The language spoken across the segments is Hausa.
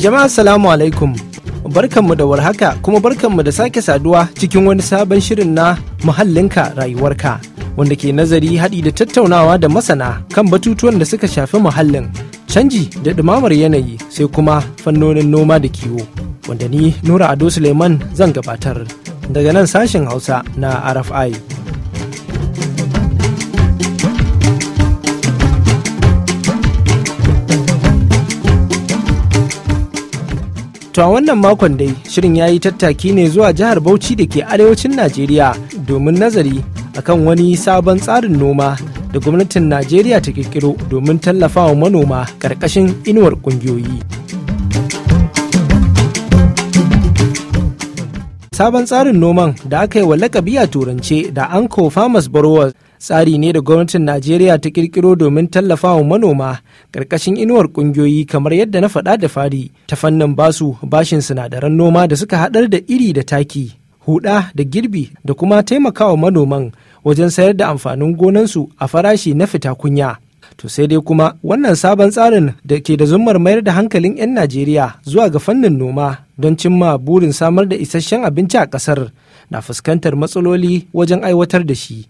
Jama'a salamu alaikum. Barkanmu da warhaka kuma barkanmu da sake saduwa cikin wani sabon shirin na muhallinka rayuwarka wanda ke nazari haɗi da tattaunawa da masana kan batutuwan da suka shafi muhallin canji da ɗumamar yanayi sai kuma fannonin noma da kiwo wanda ni Nura Ado Suleiman zan gabatar daga nan sashen Hausa na RFI. To a wannan makon dai shirin ya yi tattaki ne zuwa jihar Bauchi da ke arewacin Najeriya domin nazari akan wani sabon tsarin noma da gwamnatin Najeriya ta kirkiro domin tallafawa manoma ƙarƙashin inuwar ƙungiyoyi. Sabon tsarin noman da aka yi wa lakabi a turance da Anko Farmers Borrowers tsari ne da gwamnatin najeriya ta kirkiro domin tallafawa manoma ƙarƙashin inuwar ƙungiyoyi kamar yadda na faɗa da fari ta fannin basu bashin sinadaran noma da suka haɗar da iri da taki huɗa da girbi da kuma taimakawa manoman wajen sayar da amfanin gonansu a farashi na fita kunya to sai dai kuma wannan sabon tsarin da ke da zummar mayar da hankalin 'yan najeriya zuwa ga fannin noma don cimma burin samar da isasshen abinci a ƙasar na fuskantar matsaloli wajen aiwatar da shi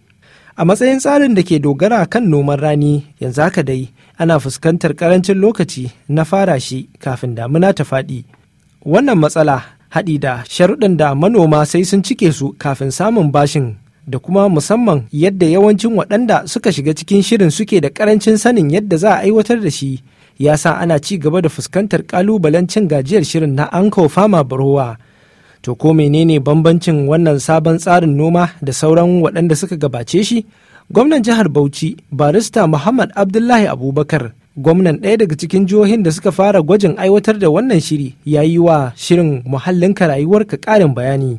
a matsayin tsarin da ke dogara kan noman rani yanzu haka dai ana fuskantar karancin lokaci na fara shi kafin damuna ta faɗi wannan matsala haɗi da sharuɗan da manoma sai sun cike su kafin samun bashin da kuma musamman yadda yawancin waɗanda suka shiga cikin shirin suke da ƙarancin sanin yadda za a aiwatar da shi ya sa ana ci gaba da fuskantar ƙalubalen cin gajiyar shirin na anko fama barowa To ko menene bambancin wannan sabon tsarin noma da sauran waɗanda suka gabace shi? Gwamnan jihar Bauchi, barista Muhammad Abdullahi Abubakar, gwamnan ɗaya daga cikin jihohin da suka fara gwajin aiwatar da wannan shiri ya yi wa shirin muhallinka rayuwarka ƙarin bayani.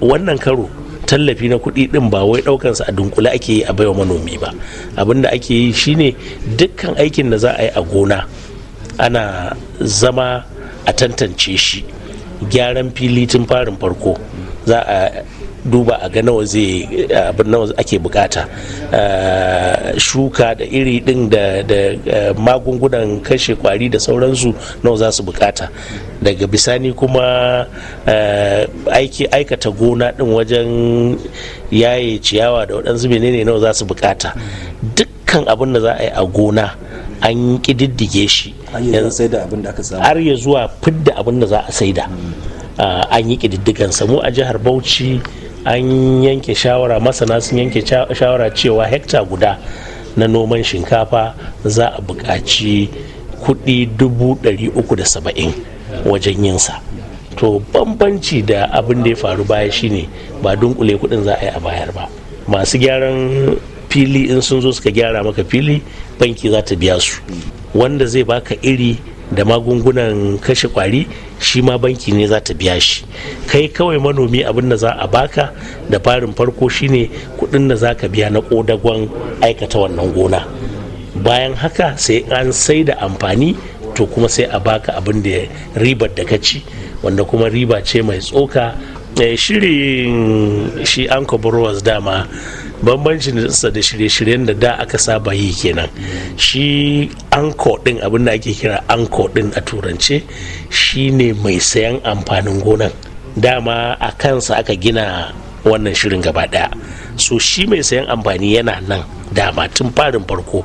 Wannan karo tallafi na kuɗi ɗin ba wai ɗaukansa a dunkule ake yi a baiwa manomi ba abin da ake yi shine dukkan aikin da za a yi a gona ana zama a tantance shi gyaran fili tun farin farko za a duba a ga nawa zai abin nawa ake bukata ah, shuka da iri din da eh, magungunan kashe kwari da sauransu nawa za su bukata daga bisani kuma eh, aikata gona din wajen yaye ciyawa da waɗansu menene nawa za su bukata dukkan abin da za a yi a gona an ƙididdige shi har ya zuwa fidda abin da za a saida hmm. ah, an yi kididdigan samu a jihar Bauchi an yanke shawara masana sun yanke shawara cewa hekta guda na noman shinkafa za a buƙaci kuɗi 370 wajen yinsa to bambanci da abin da ya faru baya shine ba dunkule kuɗin za a yi a bayar ba masu gyaran fili in sun zo suka gyara maka fili banki za ta biya su hmm. wanda zai baka iri da magungunan kashe kwari shi ma banki ne za ta biya shi kai kawai manomi abin da za a baka da farin farko shine kudin da za ka biya na kodagon aikata wannan gona bayan haka sai an sai da amfani to kuma sai a baka abin da ribar da ka ci wanda kuma riba ce mai tsoka eh, shirin shi anko dama bambancin sa da shirye-shiryen da da aka saba yi kenan shi anko din abin da ake kira anko din a turance shine mai sayan amfanin gonan dama a kansa aka gina wannan shirin gaba daya so shi mai sayan amfani yana nan dama tun farin farko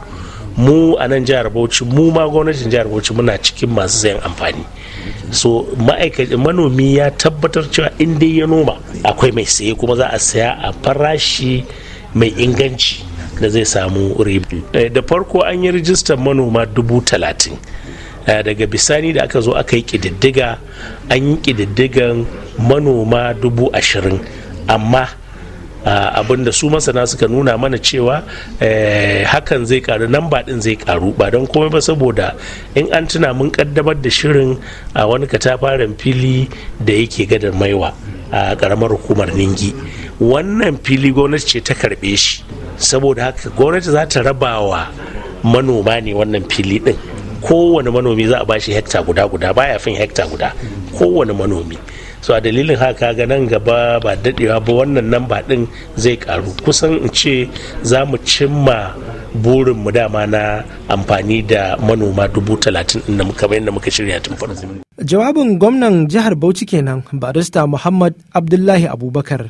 mu a nan jihar bauchi mu ma gwamnatin jihar bauchi muna cikin masu sayan amfani so ma'aikacin manomi ya tabbatar cewa in dai ya noma akwai mai saye kuma za a saya a farashi mai inganci da zai samu ribu eh, da farko an yi rijistar manoma dubu talatin eh, daga bisani da aka zo aka yi ƙididdiga an yi ƙididdigan manoma dubu ashirin amma abin da su masana suka nuna mana cewa eh, hakan zai karu nan ba din zai karu ba don komai ba saboda in an tuna mun kaddamar da shirin a wani katafaren fili da yake gadar maiwa a karamar hukumar ningi wannan fili gwamnati ce ta karbe shi saboda haka gwamnati za ta rabawa manoma ne wannan fili din kowane manomi za a bashi hekta guda guda baya fin hekta guda kowane manomi so a dalilin haka ga nan gaba ba dadewa ba wannan nan ba din zai karu kusan in ce za mu cimma burin mu dama na amfani da manoma dubu talatin da muka bayan muka shirya tun farko jawabin gwamnan jihar bauchi kenan barista muhammad abdullahi abubakar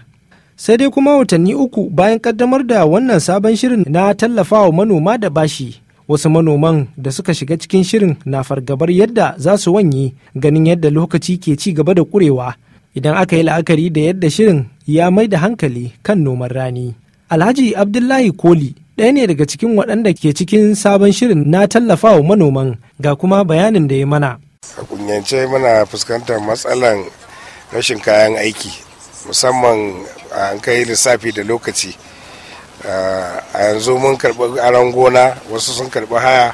sai dai kuma watanni uku bayan kaddamar da wannan sabon shirin na tallafawa manoma da bashi wasu manoman da suka shiga cikin shirin na fargabar yadda za su wanye ganin yadda lokaci ke ci gaba da kurewa idan aka yi la'akari da yadda shirin ya mai da hankali kan noman rani alhaji abdullahi koli ɗaya ne daga cikin waɗanda ke cikin sabon shirin na tallafawa manoman ga kuma bayanin da ya mana a kunyance muna fuskantar matsalan rashin kayan aiki musamman an kai lissafi da lokaci a yanzu mun karɓi aron gona wasu sun karɓi haya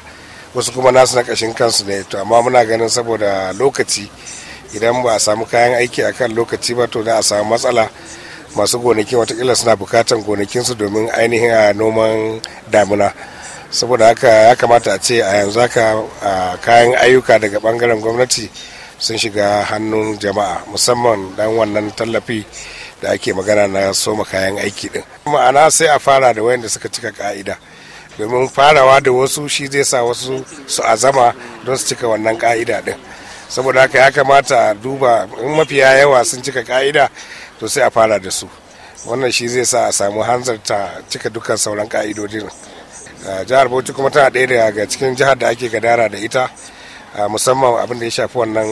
wasu kuma nasu na ƙashin kansu ne to amma muna ganin saboda lokaci idan ba a samu kayan aiki a kan lokaci ba to da a samu matsala masu gonaki watakila suna bukatan gonakinsu domin ainihin a ah, noman damina saboda haka ya kamata a ce a yanzu haka ah, kayan ayyuka daga bangaren gwamnati sun shiga hannun jama'a musamman dan wannan tallafi da ake magana na soma kayan aiki din ma'ana sai a fara da wayanda suka cika ka'ida domin farawa da wasu shi zai sa wasu su azama don su cika wannan ka'ida din saboda haka ya kamata duba in mafiya yawa sun cika ka'ida to sai a fara da su wannan shi zai sa a samu hanzarta cika dukkan sauran ka'idodin jihar bauchi kuma tana ɗaya daga cikin jihar da ake gadara da ita musamman abin da ya shafi wannan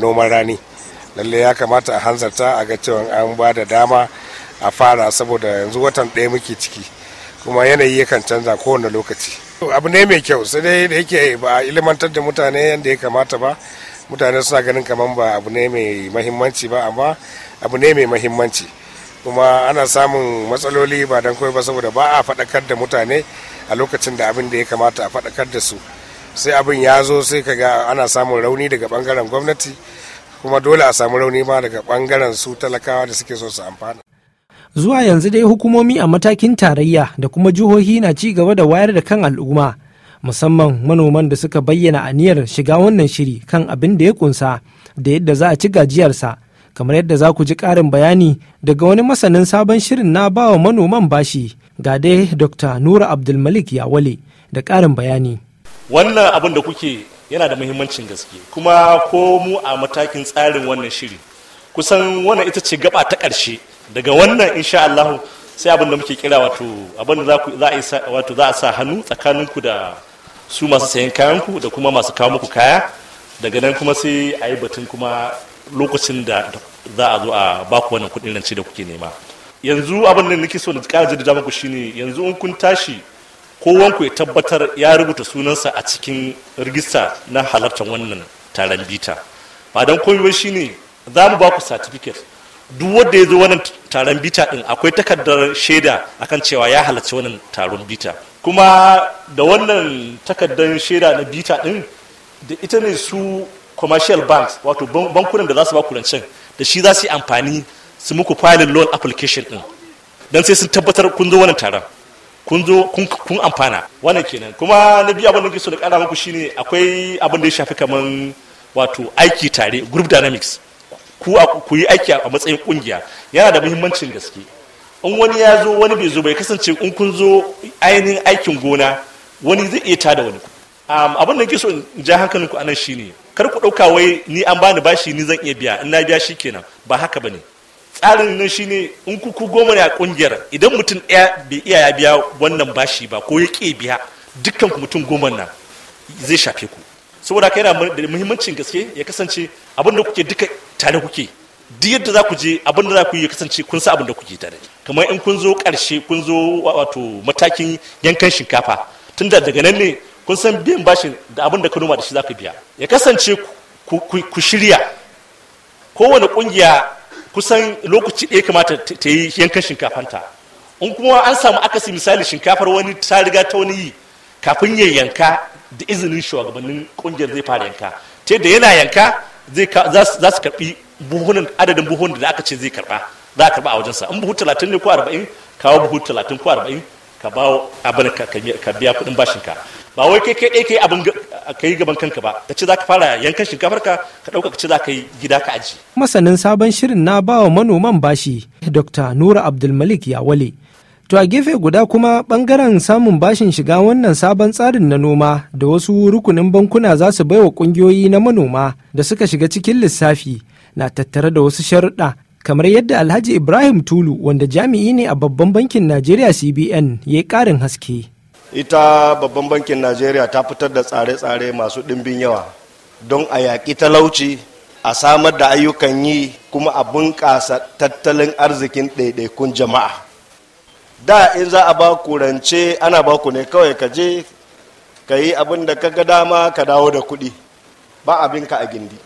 noman rani lalle ya kamata a hanzarta a ga cewa an ba da dama a fara saboda yanzu watan ɗaya muke ciki kuma yanayi yakan canza kowane lokaci abu ne mai kyau sai dai da yake ba a ilimantar da mutane yadda ya kamata ba mutane suna ganin kamar ba abu ne mai mahimmanci ba amma abu ne mai mahimmanci kuma ana samun matsaloli ba don kawai ba saboda ba a faɗakar da mutane a lokacin da abin da ya kamata a faɗakar da su sai abin ya zo sai kaga ana samun rauni daga bangaren gwamnati kuma dole a samu rauni ma daga bangaren su talakawa da suke so su amfana zuwa yanzu dai hukumomi a matakin tarayya da kuma jihohi na ci gaba da wayar da kan al'umma musamman manoman da suka bayyana aniyar shiga wannan shiri kan abin da ya kunsa da yadda za a ci gajiyarsa kamar yadda za ku ji ƙarin bayani daga wani masanin sabon shirin na bawa manoman bashi ga dai dr nura abdulmalik yawale da karin bayani wannan abin da kuke yana da muhimmancin gaske kuma ko mu a matakin tsarin wannan shiri kusan wannan ita ce gaba ta ƙarshe daga wannan insha Allah sai abin da muke kira wato abin da za a wato za a sa hannu tsakaninku da su masu sayan kayanku da kuma masu kawo muku kaya daga nan kuma sai a yi batun kuma lokacin da za a zo a ba ku wannan kuɗin rance da kuke nema yanzu abin da nake so na ƙara jaddada muku shine yanzu in kun tashi kowanku ya tabbatar ya rubuta sunansa a cikin rigista na halartar wannan taron bita ba don komi shi ne za mu ba ku certificate duk wanda ya zo wannan taron bita din akwai takardar shaida akan cewa ya halarci wannan taron bita kuma da wannan takardar shaida na bita din da ita ne su commercial banks wato bankunan da za su ba ku rancen da shi za su yi amfani su muku filing loan application din don sai sun tabbatar kun zo wannan taron kun zo kun amfana wannan kenan kuma na biyu abin da so da kara muku shine akwai abin da ya shafi kaman wato aiki tare group dynamics ku ku yi aiki a matsayin kungiya yana da muhimmancin gaske in wani ya zo wani bai zo bai kasance in kun zo ainihin aikin gona wani zai iya tada wani abin da ke so in ja hankalinku anan shine kar ku ɗauka wai ni an bani bashi ni zan iya biya in na biya shi kenan ba haka bane tsarin nan shine in kuku goma ne a kungiyar idan mutum ɗaya bai iya ya biya wannan bashi ba ko ya ke biya dukkan mutum goma nan zai shafe ku saboda haka yana da muhimmancin gaske ya kasance abin da kuke duka tare kuke duk yadda za ku je abin da za ku yi ya kasance kun sa abin da kuke tare kamar in kun zo karshe kun zo wato matakin yankan shinkafa tunda daga nan ne kun san biyan bashin da abin da ka noma da shi za ka biya ya kasance ku shirya kowane kungiya kusan lokaci ɗaya kamata ta yi yankan shinkafanta in kuma an samu akasi misali shinkafar wani ta riga ta wani yi kafin ya yanka da izinin shugabannin kungiyar zai fara yanka ta da yana yanka za su karbi buhunan adadin buhun da aka ce zai karba za a karba a wajensa in buhu talatin ne ko arba'in kawo buhu talatin ko arba'in ka bawo abin ka biya kuɗin bashinka ba wai kai kai kai abin ka yi gaban kanka ba ka zaka za ka fara yankan shinkafar ka ka ɗauka ka ci za ka yi gida ka aji. masanin sabon shirin na bawa manoman bashi dr nura abdulmalik yawale to a gefe guda kuma bangaren samun bashin shiga wannan sabon tsarin na noma da wasu rukunin bankuna za su baiwa kungiyoyi na manoma da suka shiga cikin lissafi na tattare da wasu sharuɗa kamar yadda alhaji ibrahim tulu wanda jami'i ne a babban bankin najeriya cbn ya yi ƙarin haske ita babban bankin najeriya ta fitar da tsare-tsare masu ɗimbin yawa don a yaƙi talauci a samar da ayyukan yi kuma a bunƙasa tattalin arzikin ɗaiɗaikun jama'a da in za a ba ku rance ana ba ku ne kawai ka je ka yi abin da ka ga dama ka dawo da kuɗi ba abin ka a gindi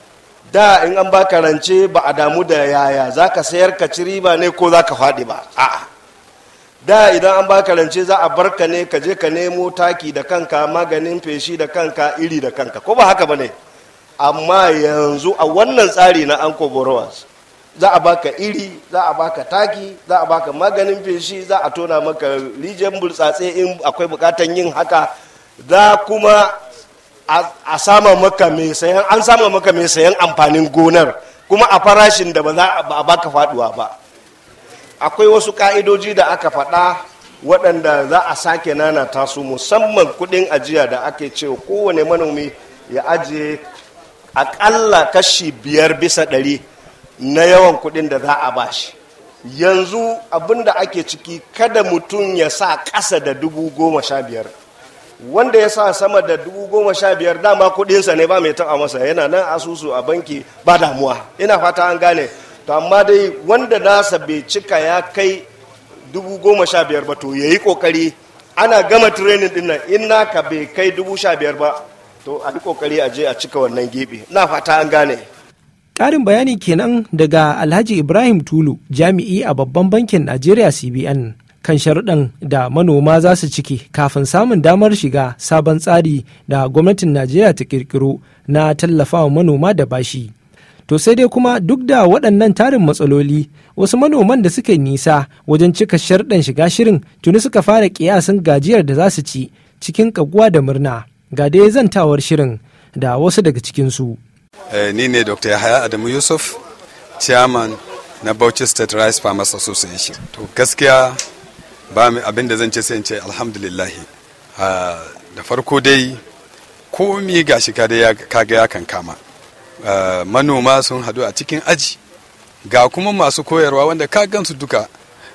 da in an ba ka rance ba a damu da yaya za ka sayar ka ciri riba ne ko za ka faɗi ba a'a da idan an baka rance za a barka ne ka je ka nemo taki da kanka maganin feshi da kanka iri da kanka ko ba haka bane amma yanzu a wannan tsari na anko borowas za a baka iri za a baka taki za a baka maganin feshi za a tona maka rijen burtsatse in akwai bukatan yin haka da kuma a sama maka mai sayan an sama maka mai sayan amfanin gonar kuma a farashin da ba za a baka faduwa ba akwai wasu ka'idoji da aka faɗa waɗanda za a sake ta su musamman kuɗin ajiya da ake ce kowane manomi ya ajiye aƙalla kashi biyar bisa ɗari na yawan kuɗin da za a bashi yanzu abin da ake ciki kada mutum ya sa ƙasa da dubu goma sha biyar wanda ya sa sama da dubu goma sha biyar dama kuɗinsa ne ba mai taɓa masa yana nan asusu a banki ba damuwa ina fata an gane to amma dai wanda nasa bai cika ya kai dubu goma sha biyar ba to ya yi kokari ana gama training din nan in naka bai kai dubu sha biyar ba to a yi kokari a je a cika wannan gefe na fata an gane ƙarin bayani kenan daga alhaji ibrahim tulu jami'i a babban bankin najeriya cbn kan sharuɗan da manoma za su ciki kafin samun damar shiga sabon tsari da gwamnatin najeriya ta ƙirƙiro na tallafawa manoma da bashi. To sai dai kuma duk da waɗannan tarin matsaloli wasu manoman da suke nisa wajen cika sharɗan shiga shirin tuni suka fara ƙiyasin gajiyar da za su ci cikin kaguwa da murna ga dai zantawar shirin da wasu daga cikinsu. Eh, ni ne Dr. Yahaya Adamu Yusuf, Chairman na Bauchi State Rice Farmers Association. To gaskiya ba abin da zan ce sai in ce alhamdulillahi. Ah, da farko dai komi gashi kaga ya kankama. Eh, manoma sun hadu a cikin aji ga kuma masu koyarwa wanda ka gansu duka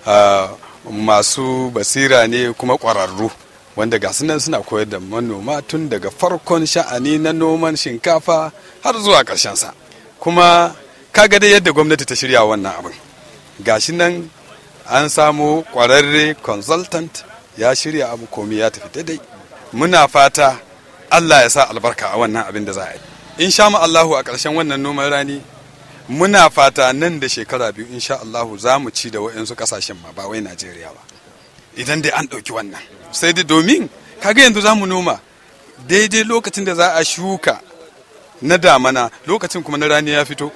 eh, masu basira ne kuma ƙwararru wanda ga nan suna koyar da manoma tun daga farkon sha'ani na noman shinkafa har zuwa ƙarshensa kuma ga dai yadda gwamnati ta shirya wannan abin shi nan an samu ƙwararre consultant ya shirya abu komi ya tafi daidai muna fata allah ya sa albarka a wannan abin da za a yi in insha Allahu a ƙarshen wannan noman rani muna fata nan da shekara biyu insha Allahu za mu ci da wayansu ƙasashen ma ba wai Najeriya ba idan dai an ɗauki wannan sai dai domin kaga yanzu za mu noma daidai lokacin da za a shuka na damana lokacin kuma na rani ya fito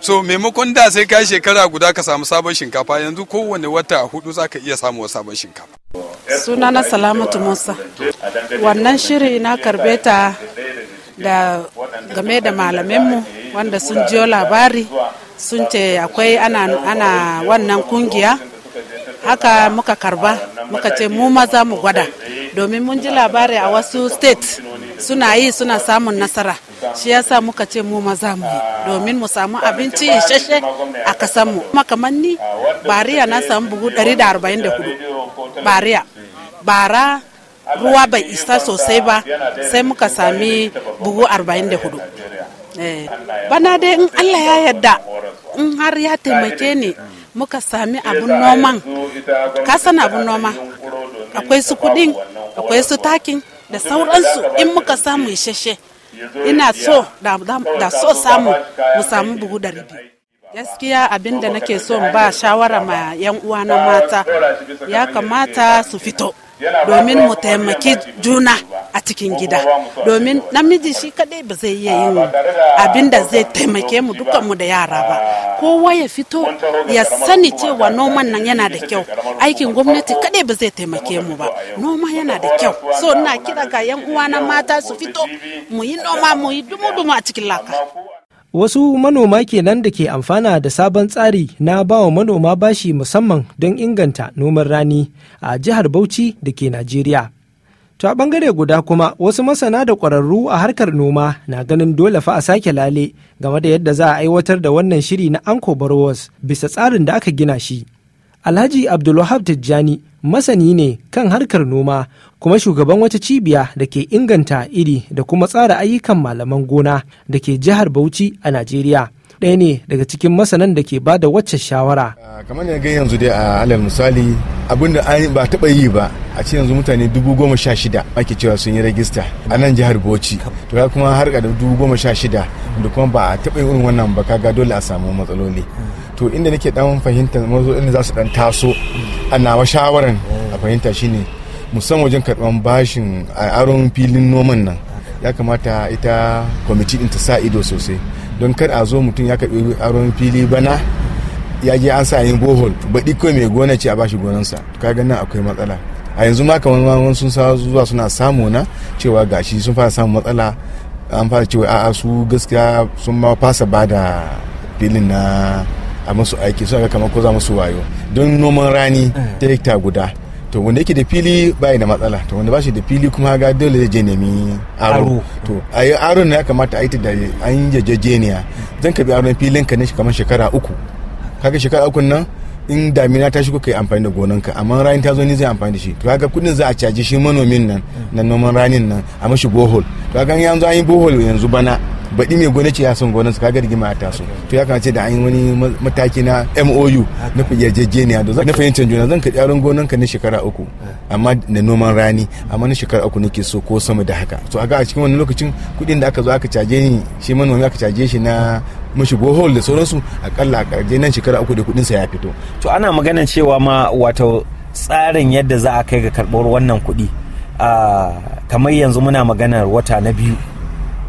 so maimakon da sai ka shekara guda ka samu sabon shinkafa yanzu kowane wata hudu za ka iya samuwa sabon shinkafa sunana salamatu musa wannan shiri na karbe ta da game da malaminmu wanda sun jiyo labari sun ce akwai ana, wannan kungiya haka muka karba muka ce mu maza mu gwada domin mun ji labari a wasu state suna yi suna samun nasara shi yasa muka ce mu maza mu domin mu samu abinci isasshe a kasanmu kuma kamar bariya na samu bugu 144 bariya bara ruwa bai isa sosai ba sai muka sami buhu 44 eh, bana dai in allah ya yarda in har ya taimake ni muka sami abun noman kasan abun noma akwai su kudin akwai su takin da sauransu in muka samu isasshe ina so da so samu mu samu bugu da ribi gaskiya abin da nake so ba shawara ma 'yan uwa na mata ya kamata su fito domin mu taimaki juna a cikin gida domin namiji shi kadai ba zai iya yin abin da zai taimake mu dukanmu da yara ba kowa ya fito ya sani cewa noman nan yana da kyau aikin gwamnati kadai ba zai taimake mu ba noma yana da kyau so ina kira ga yan uwana mata su fito mu yi noma mu yi dumu-dumu a cikin laka Wasu manoma kenan da ke amfana da sabon tsari na bawa manoma bashi musamman don inganta noman rani a jihar Bauchi da ke Najeriya. To a bangare guda kuma wasu masana da ƙwararru a harkar noma na ganin dole fa a sake lale game da yadda za a aiwatar da wannan shiri na Anko Borrowers bisa tsarin da aka gina shi. Alhaji Abdulwahab Tijjani masani ne kan harkar noma kuma shugaban wata cibiya da ke inganta iri da kuma tsara ayyukan malaman gona da ke jihar Bauchi a Najeriya. ɗaya ne daga cikin masanan da ke bada wacce shawara. kamar ga yanzu dai a alal misali da an ba taɓa yi ba a ce yanzu mutane dubu goma sha shida ake cewa sun yi rajista a nan jihar bauchi to kuma har da dubu goma sha shida da kuma ba a taɓa yin irin wannan ba kaga dole a samu matsaloli to inda nake dan fahimta mazo inda za su dan taso a nawa shawaran a fahimta shine musamman wajen karban bashin a aron filin noman nan ya kamata ita kwamiti din ta sa ido sosai don kar a zo mutum ya karbi aron fili bana ya je an sa yin bohol baɗi ko mai gona ce a bashi gonansa kaga nan akwai matsala a yanzu ma kamar wani sun sa zuwa suna samu na cewa gashi sun fara samun matsala an fara cewa a'a su gaskiya sun ma fasa bada filin na a masu aiki su ga kamar ko za musu wayo don noman rani eh. ta hekta guda to wanda yake da fili bai da matsala to wanda ba shi da fili kuma ga dole zai je nemi aro to a yi ne ya kamata a yi da an yi jejeniya zan ka bi aron filin ka ne kamar shekara uku kaga shekara uku nan in damina ta shigo kai amfani da gonanka amma rani ta zo ni zai amfani da shi to kaga kudin za a caji shi manomin nan na noman ranin nan a mashi bohol to kaga yanzu an yi bohol yanzu bana baɗi mai gwamnati ya son gwamnati kaga rigima a taso to ya kamace da an yi wani mataki na MOU na yarjejeniya da na fahimtar juna zan kaɗi yaron gonan ka na shekara uku amma da noman rani amma na shekara uku nake so ko sama da haka to aga a cikin wani lokacin kuɗin da aka zo aka caje ni shi manomi aka caje shi na mashigo hall da sauransu akalla a ƙarje nan shekara uku da kuɗin sa ya fito to ana maganar cewa ma wato tsarin yadda za a kai ga karɓar wannan kuɗi ah, kamar yanzu muna maganar wata na biyu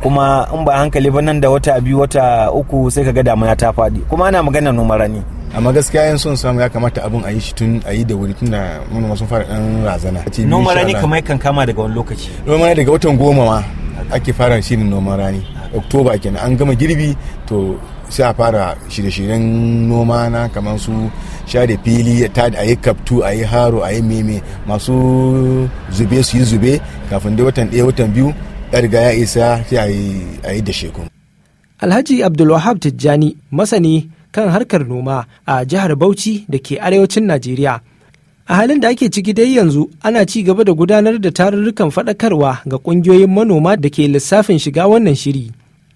kuma in ba hankali ba nan da wata biyu wata uku sai ka ga damuna ta faɗi kuma ana magana noman rani amma gaskiya yin son samu ya kamata abin a yi shi tun a yi da wuri tun da manoma sun fara ɗan razana. noman rani kamar kan kama daga wani lokaci. noman daga watan goma ma ake fara shirin noman rani oktoba kenan an gama girbi to sai a fara shirye-shiryen noma na kamar su share fili a yi kaftu a yi haro a yi meme masu zube su yi zube kafin dai watan ɗaya watan biyu ya riga ya isa sai a yi da shekun. Alhaji Abdulwahab Tijjani masani kan harkar noma a jihar Bauchi da ke arewacin Najeriya. A halin da ake ciki dai yanzu ana ci gaba da gudanar da tarurrukan faɗakarwa ga ƙungiyoyin manoma da ke lissafin shiga wannan shiri.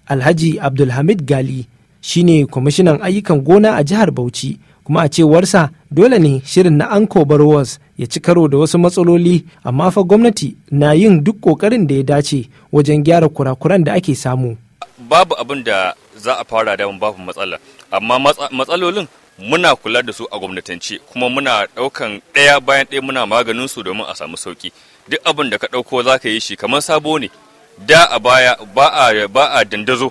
Alhaji Abdulhamid Gali shine kwamishinan ayyukan gona a jihar Bauchi kuma a cewarsa dole ne shirin na anko barwas ya ci karo da wasu matsaloli amma fa gwamnati na yin duk kokarin da ya dace wajen gyara kurakuran da ake samu babu abin da za a fara da babu matsala amma matsalolin muna kula da su a gwamnatance kuma muna ɗaukan ɗaya bayan ɗaya muna maganin su domin a samu sauki duk abin da ka ɗauko zaka yi shi kamar sabo ne da a baya ba a dandazo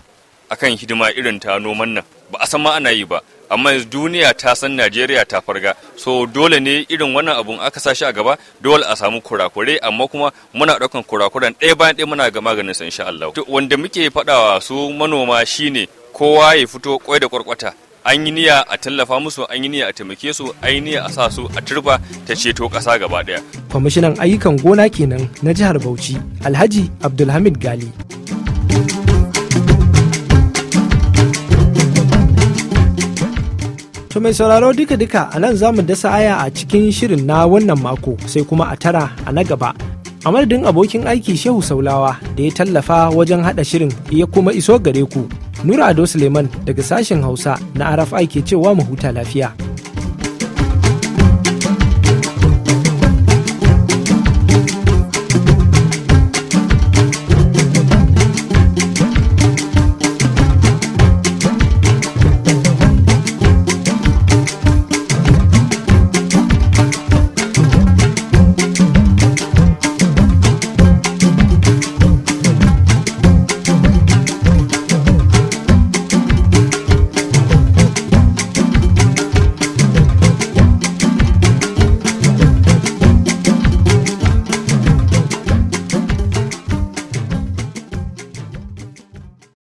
akan hidima irin ta noman nan ba a san ma ana yi ba amma yanzu duniya ta san najeriya ta farga so dole ne irin wannan abun aka sashi shi a gaba dole a samu kurakure amma kuma muna ɗaukan kurakuran ɗaya bayan ɗaya muna ga maganin sa insha Allah wanda muke faɗawa su manoma shine kowa ya fito kwai da kwarkwata an yi niyya a tallafa musu an yi niyya a taimake su an yi niyya a sa su a turba ta ceto ƙasa gaba ɗaya kwamishinan ayyukan gona kenan na jihar bauchi alhaji abdulhamid gali To mai sauraro duka-duka a nan za mu dasa aya a cikin shirin na wannan mako sai kuma a tara a na gaba. A madadin abokin aiki Shehu Saulawa da ya tallafa wajen haɗa shirin ya kuma iso gare ku. Nura Ado Suleiman daga sashen Hausa na RFI ke cewa mu huta lafiya.